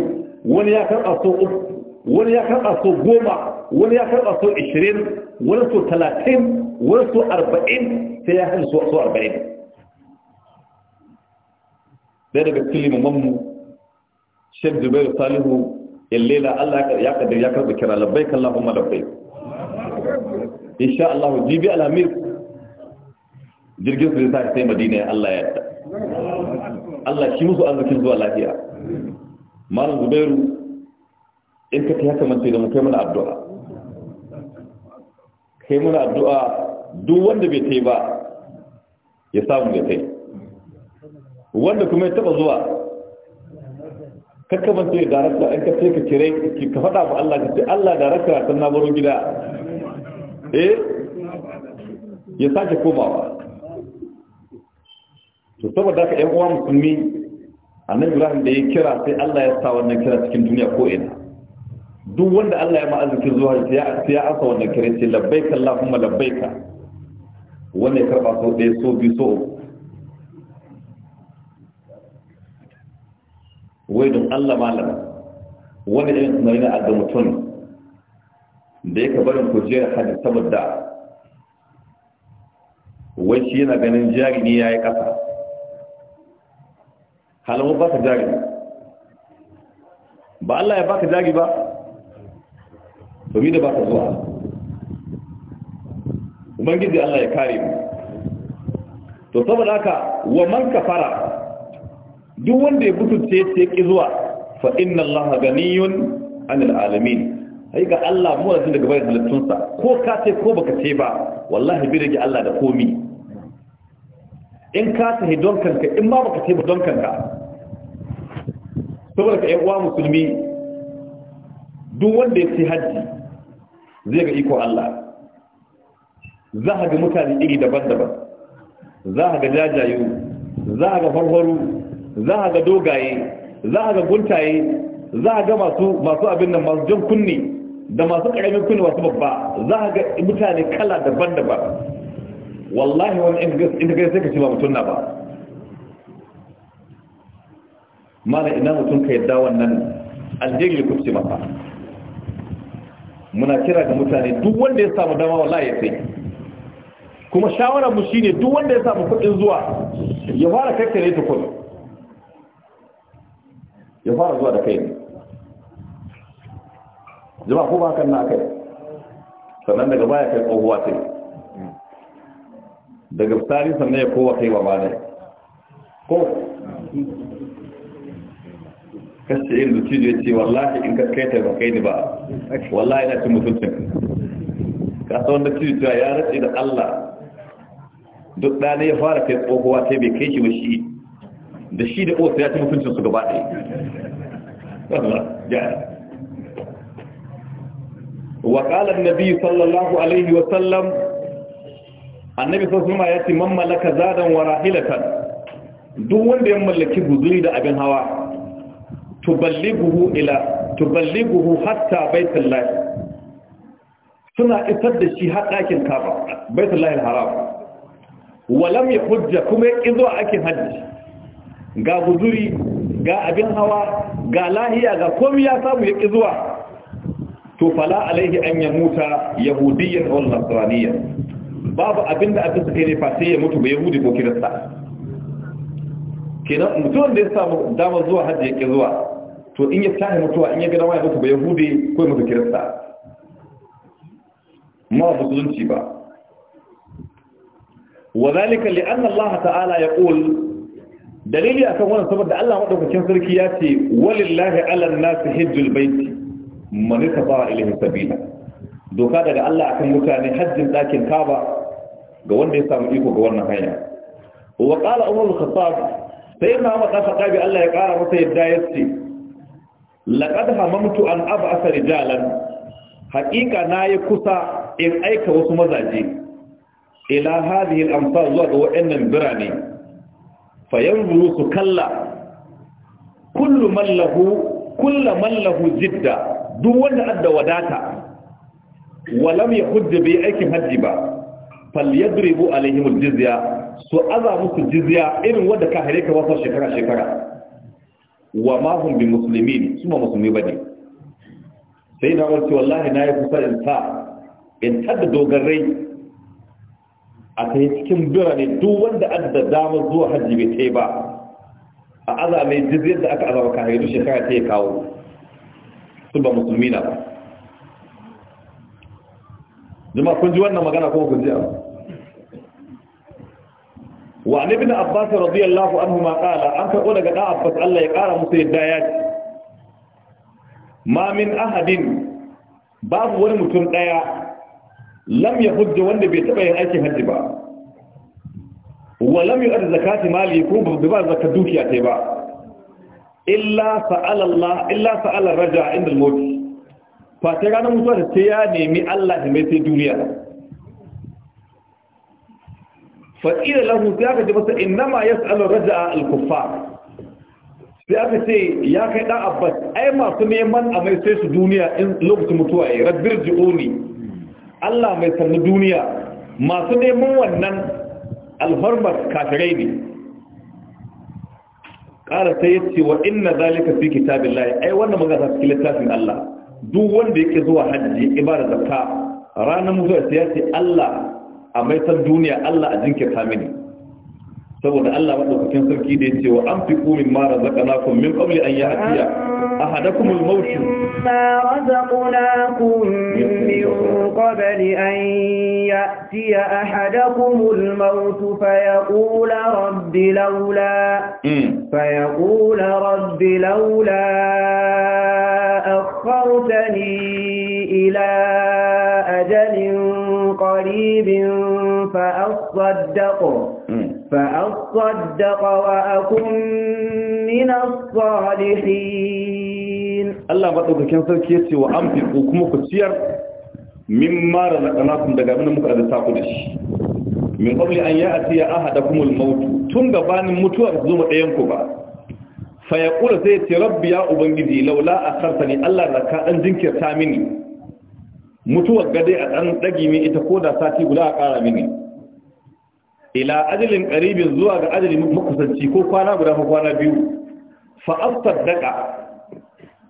wani ya karɓa so uku wani ya karɓa so goma wani ya karɓa so ishirin wani so talatin wani so arba'in sai ya hannu so arba'in ɗaya daga cikin limamanmu shek zubairu salihu illela allah ya kadir ya karɓi kira labbai kan lafama labbai insha allahu jibi al'amir jirgin su zai sai madina ya allah ya yadda allah shi musu arzikin zuwa lafiya malam zubairu in ka ta haka mace da mu kai mana addu'a kai mana addu'a duk wanda bai kai ba ya samu ya kai wanda kuma ya taba zuwa kakkaban ya darakta an ka sai ka kire ka faɗa ba Allah ka ce Allah darakta san na baro gida eh ya sake komawa to saboda ka yan uwa musulmi annabi Ibrahim da ya kira sai Allah ya sa wannan kira cikin duniya ko ina duk wanda Allah ya ma'azikin zuwa ya ya asa wannan kira ce labbaika Allahumma labbaika wanda ya karba so ɗaya so biyu so uku wai don Allah malama wani irin tunani na aga mutum da yake barin kujerar hadin saboda wai shi yana ganin jari ne ya yi ƙasa halamu ba ka jari ba Allah ya ba ka jari ba domin da ba ka zuwa ubangiji Allah ya kare mu to saboda haka wa man ka fara? duk wanda ya butulce ya ce zuwa fa inna Allah ganiyun anil alamin ai ga Allah mu da daga bayan halittunsa ko ka ce ko baka ce ba wallahi bi rage Allah da komi in ka tahi don kanka in ma baka ce ba don kanka saboda ka uwa musulmi duk wanda ya ce hajji zai ga iko Allah za a ga mutane iri daban-daban za a ga jajayu za a ga farfaru za a ga dogaye za a ga guntaye za a ga masu abin da masu jan kunni da masu karamin kunni masu babba za a ga mutane kala daban-daban wallahi wani inda gani sai ka ce ba mutum na ba mana ina mutum ka yadda wannan aljeri ya kufce masa muna kira ga mutane duk wanda ya samu dama wallahi ya sai kuma shawarar mu shine duk wanda ya samu kuɗin zuwa ya fara kakkare tukun ya fara zuwa da kai ne jama'a ko ba hakan na kai sannan daga baya kai tsohuwa ce. daga tsari sannan ya kowa kai ba ne ko kashe yin zuci ya ce wallahi in ka kai taimakai ni ba wallahi na cin mutuncin kasa wanda cikin ya race da allah duk ɗane ya fara kai tsohuwa sai bai kai shi ba shi da shi da ƙosa ya ci mutuncin su gaba ɗaya wa nabi sallallahu alaihi wasallam annabi sun suma ya ce man malaka zadan wa rahilatan duk wanda ya mallaki guzuri da abin hawa tuballighu ila tuballighu hatta baitullah suna isar da shi har ɗakin kaba baitullah haram Walam ya hujja kuma ya ƙi zuwa akin hajji ga guduri ga abin hawa ga lahiya ga komi ya samu ya zuwa to fala alaihi an ya muta yahudiyyar wal nasraniyya babu abin da abin suka ne fa sai ya mutu ba yahudi ko kirista kenan mutum da ya samu dama zuwa hajji ya zuwa to in ya tahi mutuwa in ya ga dama ya mutu ba yahudi ko ya mutu kirista ma musulunci ba وذلك لأن الله تعالى يقول dalili akan wannan saboda Allah madaukakin sarki ya ce walillahi ala nasi hajjul baiti man fara ilayhi sabila doka daga Allah akan mutane hajjin ɗakin kaba, ga wanda ya samu iko ga wannan hanya wa umar khattab sai na maka fadabi Allah ya kara masa yadda ce laqad hamamtu an aba ab'atha rijalan na yi kusa in aika wasu mazaje ila hadhihi al zuwa ga waɗannan birane fayanzuru su kalla kullu man lahu duk wanda adda wadata walam yahujja bai aikin hajji ba falyadribu alaihim aljizya su aza musu jizya irin wanda ka hare ka wasu shekara shekara wa ma hum su ma musulmi ne? sai na wace wallahi na yi kusa in sa in tada dogarai a ta cikin birane duk wanda an da dama zuwa hajji bai ta ba a aza mai jizyar da aka azaba kare duk shekara ta yi kawo su ba musulmi na ba jima kun ji wannan magana ko kun ji a wa an ibn abbas radiyallahu anhu ma qala an karbo daga da abbas Allah ya kara musu yadda ya ci. ma min ahadin babu wani mutum daya lam ya hujja wanda bai taɓa yin aikin hajji ba wa lam yu'ad zakati mali ko bai ba zakat dukiya tai ba illa sa'ala Allah illa sa'ala raja inda al-maut fa ta ranar mutuwa da sai ya nemi Allah da mai sai duniya fa ila lahu sai aka masa innama yas'alu raja al-kuffar sai aka ce ya kai dan abbas ai masu neman a mai sai su duniya in lokacin mutuwa ya rabbirji'uni Allah mai sannu duniya masu neman wannan alfarmar kafirai ne ƙara ta yi cewa inna zalika fi kitabin layi ai wannan magana ta littafin Allah duk wanda yake zuwa hajji ibada zakka ranar mutuwa da ya ce Allah a maitar duniya Allah a jinkirta mini saboda Allah madaukakin sarki da yace wa anfiqu mimma razaqnakum min qabli an ya'tiya ahadakum al-maut ma razaqnakum min qabli an ya'tiya ahadakum al-maut fayaqul rabbi laula fayaqul rabbi lawla akhartani ila ajalin qaribin fa asaddaqu فأصدق وأكن من الصالحين الله بدوك كان سلكي يتي وأنفقوا كما كتير مما رزقناكم daga abin da muka azata ku da shi min qabli an ya'ti ahadakum al-maut tun gabanin mutuwa zo mu ɗayan ku ba fa zai ce rabbi ya ubangiji laula a akhartani Allah raka ka jinkirta mini mutuwar gade a ɗan ɗagi min ita ko da sati guda a ƙara mini ila ajalin qaribin zuwa ga ajalin makusanci ko kwana guda ko kwana biyu fa daka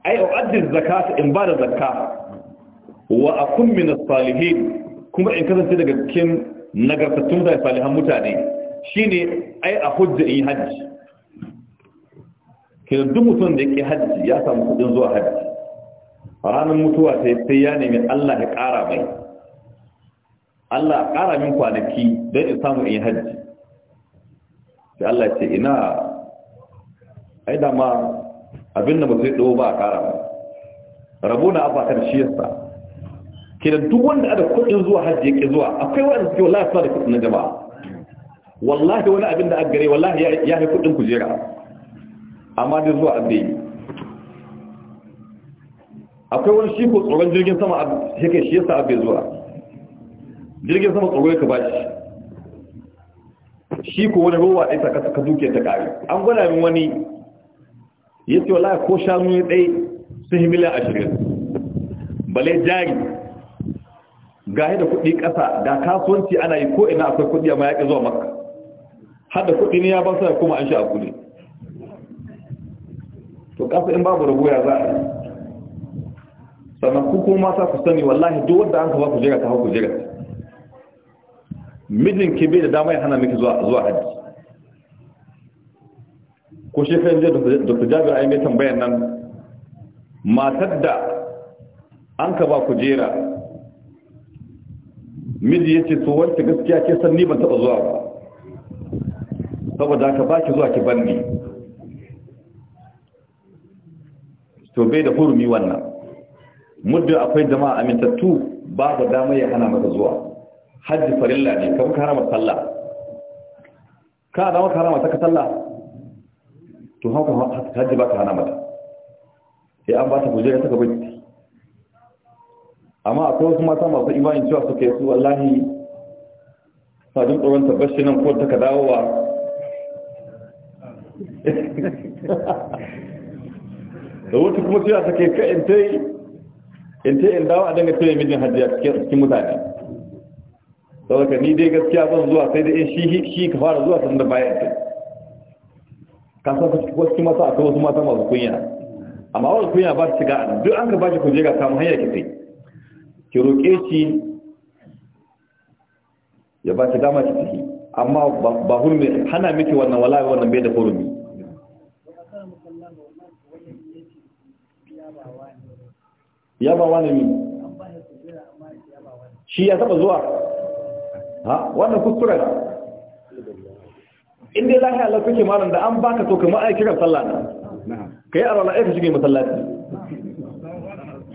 ay uaddi zakata in ba da zakka wa akun min as-salihin kuma in kasance daga cikin nagartattun da salihan mutane shine ai a hujja in hajji kenan duk mutum da yake hajji ya samu kudin zuwa hajji ranar mutuwa sai sai ya nemi Allah ya kara mai Allah ƙara min kwanaki don in samu in hajji sai Allah ce ina ai dama abin da ba zai ɗau ba a ƙara ba Rabu na kan shi yasa kiran duk wanda ada kuɗin zuwa hajji yake zuwa akwai waɗanda suke wallahi suna da kuɗin na jama'a wallahi wani abin da aggare wallahi ya fi kuɗin kujera amma dai zuwa abin yi akwai wani shi ko tsoron jirgin sama yake shi yasa abin zuwa jirgin sama tsaro ya kaba shi, shi ko wani ruwa ɗaya ta kasa ka duke ta ƙari an gwada min wani ya ce wala ko shanu ya ɗai sun yi miliyan ashirin bale jari ga da kuɗi ƙasa da kasuwanci ana yi ko ina akwai kuɗi amma yaƙi zuwa maka har da kuɗi ne ya ba su kuma an sha a kuɗi to ƙasa in babu ya za a sannan ku kuma mata ku sani wallahi duk wanda an ka ba ku jira ta hau ku jira ta mijin ki bai da dama ya hana miki zuwa hajji haji ko shekaran zai dr jabir ayi mai tambayan nan matar da an ka ba kujera miji ya ce tsohon gaskiya ke san ni ban taɓa zuwa ba saboda ka ba ki zuwa ki banni to bai da hurumi wannan muddin akwai jama'a amintattu babu dama ya hana maka zuwa hajji farilla ne kan karama sallah ka da ka harama ta sallah to haka hajji ba ka hana mata sai an ba ta gujera ta bai amma akwai wasu mata masu imanin cewa suke su wallahi sajin tsoron tabbashi nan ko ta ka dawowa da wata kuma cewa ta kai ka in ta in dawo a danga ta yi mijin hajji a cikin mutane saboda ni dai gaskiya zan zuwa sai dai shi shi ka fara zuwa sun da bayan ta ka san wasu mata akwai wasu mata masu kunya amma wani kunya ba su shiga anan duk an ka bashi kuje ga samu hanyar ki sai ki roƙe shi ya ba shi dama ki ciki amma ba hulmi hana miki wannan wallahi wannan bai da hulmi ya ba wani ne shi ya taba zuwa ha wannan kuskure ne in dai lahiya Allah kake malam da an baka to kamar ai kiran sallah na kai arwala ai ka shige masallaci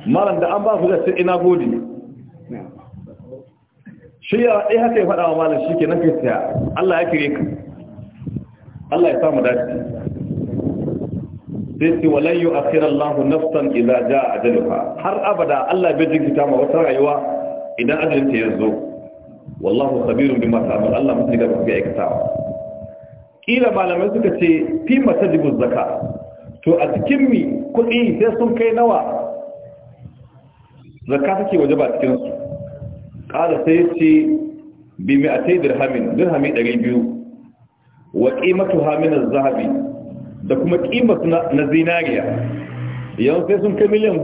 malam da an ba ku da sai ina gode shi ya dai haka ya faɗa wa malam nan kai tsaya Allah ya kire ka Allah ya samu mu dace sai ce walan yu akhirallahu nafsan idza a ajaluha har abada Allah bai jinkita ma wata rayuwa idan ajalinta ya zo wallahu Kabiru bima ta'malu Allah mutum diga ku aikatawa kila malamai suka ce fi masajibu zakka to a cikin mi kudi sai sun kai nawa zakka take waje ba cikin su qala sai ce bi mi'atay dirhamin dirhami 200 wa qimatuha min az-zahabi da kuma qimatu na zinariya Yau sai sun kai miliyan 17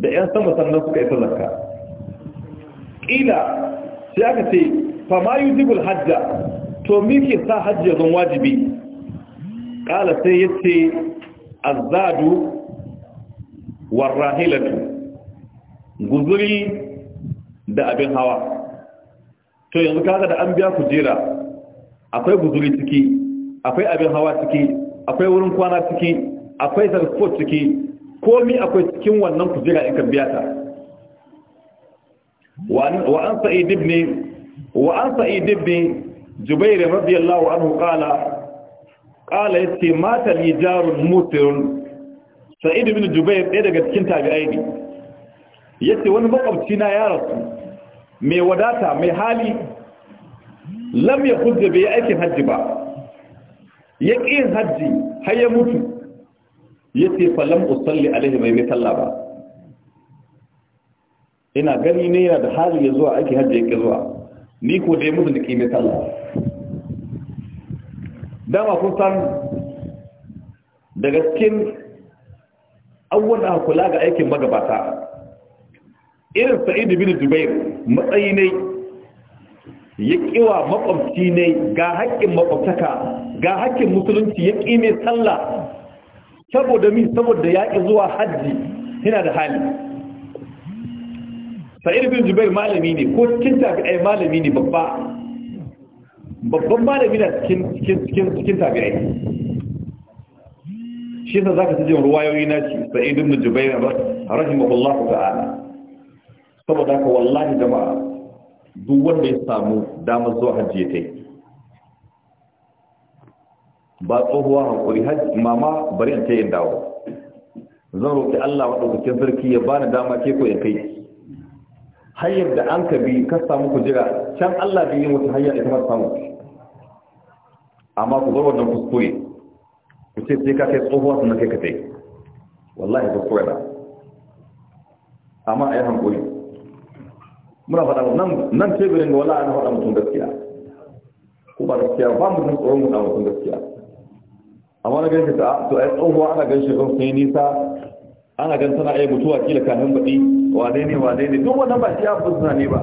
da 'yan sama sannan suka isa zakka ƙila sai aka ce fa ma yi zibul hajja to miki sa hajji zan wajibi ƙala sai ya ce azadu warrahilatu guzuri da abin hawa to yanzu kaga da an biya kujera akwai guzuri ciki akwai abin hawa ciki akwai wurin kwana ciki akwai zarfot ciki komi akwai cikin wannan kujera in ka biya ta وعن سعيد بن وعن سعيد بن جبير رضي الله عنه قال قال يسي مات لي جار سعيد بن جبير daga cikin tabi'ai ne yace wani makwabci na ya rasu mai wadata mai hali lam bai bi aikin hajji ba ya hajji har ya mutu ya ce falam usalli alaihi bai mai sallah ba ina gani ne yana da hali ya zuwa ake hajji yake zuwa ni ko dai mutum da ke mai sallah dama kun san daga cikin abubuwan da kula ga aikin magabata irin sa'id bin dubair matsayi ne ya kiwa makwabci ne ga haƙƙin makwabtaka ga haƙƙin musulunci ya ƙi mai sallah saboda mi saboda ya ƙi zuwa hajji yana da hali sa'id bin jubair malami ne ko cikin tabi'ai malami ne babba babban malami na cikin cikin shi tabi'ai za ka sijin ruwayoyi na ci sa'id bin jubair rahimahullahu ta'ala saboda ka wallahi jama'a duk wanda ya samu damar zuwa hajji ya ba tsohuwa hankuri hajji mama bari an ta yin dawo zan roƙi Allah waɗanda sarki ya bani dama ke ko ya kai hanyar da an ka bi ka samu jira can Allah bai yi wata hanya da kamar samu amma ku bar wannan kuskure ku ce sai ka kai tsohuwa sannan kai ka kai wallahi kuskure ba amma a yi hankuri muna faɗa nan nan teburin ga wala na faɗa mutum gaskiya ko ba gaskiya ba mutum tsoron mutum gaskiya amma na gaishe ta to yi tsohuwa ana gaishe don sai nisa ana gan tana iya mutuwa kila kafin baɗi wane ne wane ne duk wannan ba shi ya fi zane ba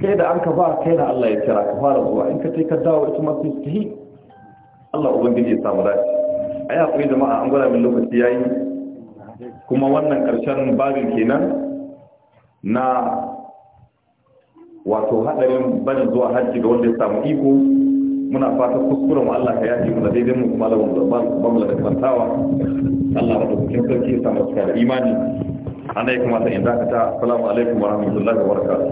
kai da an ka ba kai da Allah ya kira ka fara zuwa in ka taika ka dawo ita ma sai su yi Allah ubangiji ya samu dace yi haƙuri jama'a an gwada min lokaci ya yi. kuma wannan ƙarshen babin kenan na wato haɗarin barin zuwa hajji ga wanda ya samu iko muna fatan kuskuren mu Allah ka yafe mu da daidai mu kuma lawan da ba mu da kantawa Allah da cikin sarki ya samu da imani anai kuma sai in dakata assalamu alaikum wa rahmatullahi wa barakatuh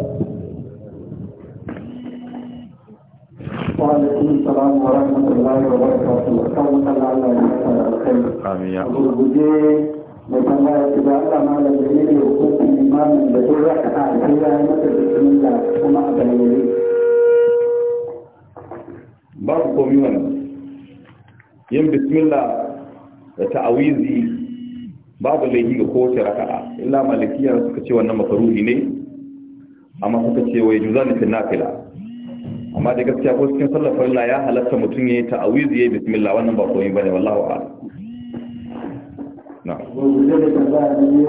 wa alaikum salam wa rahmatullahi wa barakatuh kan Allah Allah ya fara alkhairi amin ya guje mai tambaya ce da Allah malam da ne hukuncin imamin da duk raka'a da ya yi mata bismillah kuma a bayyane babu komi wani yin bismillah da ta'awizi babu laifi ga kowace raka'a illa malikiya suka ce wannan makaruhi ne amma suka ce wai juza ne nafila amma da gaskiya ko cikin sallafar na ya halatta mutum yi ta'awizi yi bismillah wannan ba komi bane wallahi a'lam na'am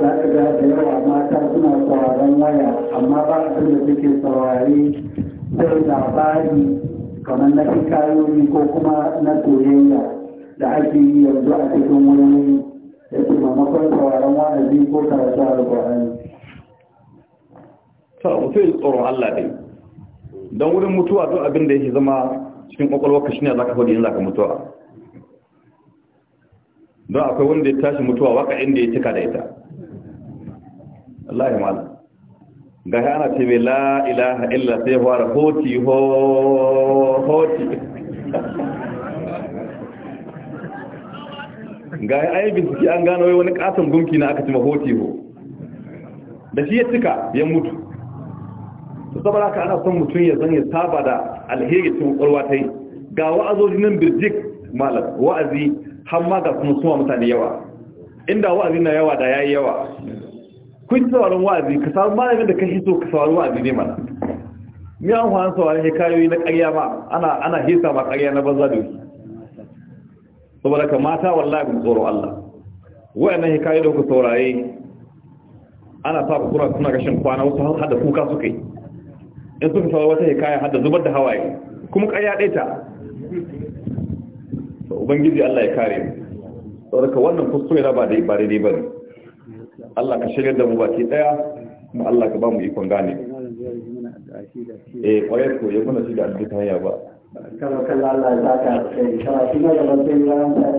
za ka ga da yawa mata suna sauraron waya amma ba abin da suke saurari sai labari kamar na fikayoyi ko kuma na soyayya da ake yi yanzu a cikin wani da ke mamakon sauraron wa'azi ko karatu a alƙur'ani. ta mutum ya tsoron Allah dai don wurin mutuwa don abin da yake zama cikin ƙwaƙwalwarka shi ne za ka faɗi in za ka mutuwa don akwai wanda ya tashi mutuwa waka inda ya cika da ita wallahi malam ga ana ce mai la ilaha illa sai fara hoti hoti ga ya ayi bincike an gano wani katon gunki na aka cima hoti ho da shi ya cika ya mutu to saboda haka ana son mutum ya zan ya saba da alheri cikin ƙwarwa ta yi ga wa'azoji nan birjik malam wa'azi har ma ga sun suwa mutane yawa inda wa'azi na yawa da ya yi yawa kun sauran wa'azi ka samu malamin da ka so ka sauran wa'azi ne mana Ni an hannun sauran hikayoyi na karya ma ana hisa ma karya na banza da yi saboda ka mata wallahi kun tsoron Allah wa'annan hikayoyi da ku sauraye ana sa kuna suna gashin kwana wasu hada kuka suka yi in suka saurari wata hikaya hada zubar da hawaye kuma ƙarya ɗaya ta ubangiji Allah ya kare saboda ka wannan kuskure ba da ba daidai ba ne Allah ka shirya da mu baki daya kuma Allah ka ba mu ikon gane eh kwaye ko ya muna shi da addu'a ba kama kallon Allah ya saka sai kama shi ne da manzon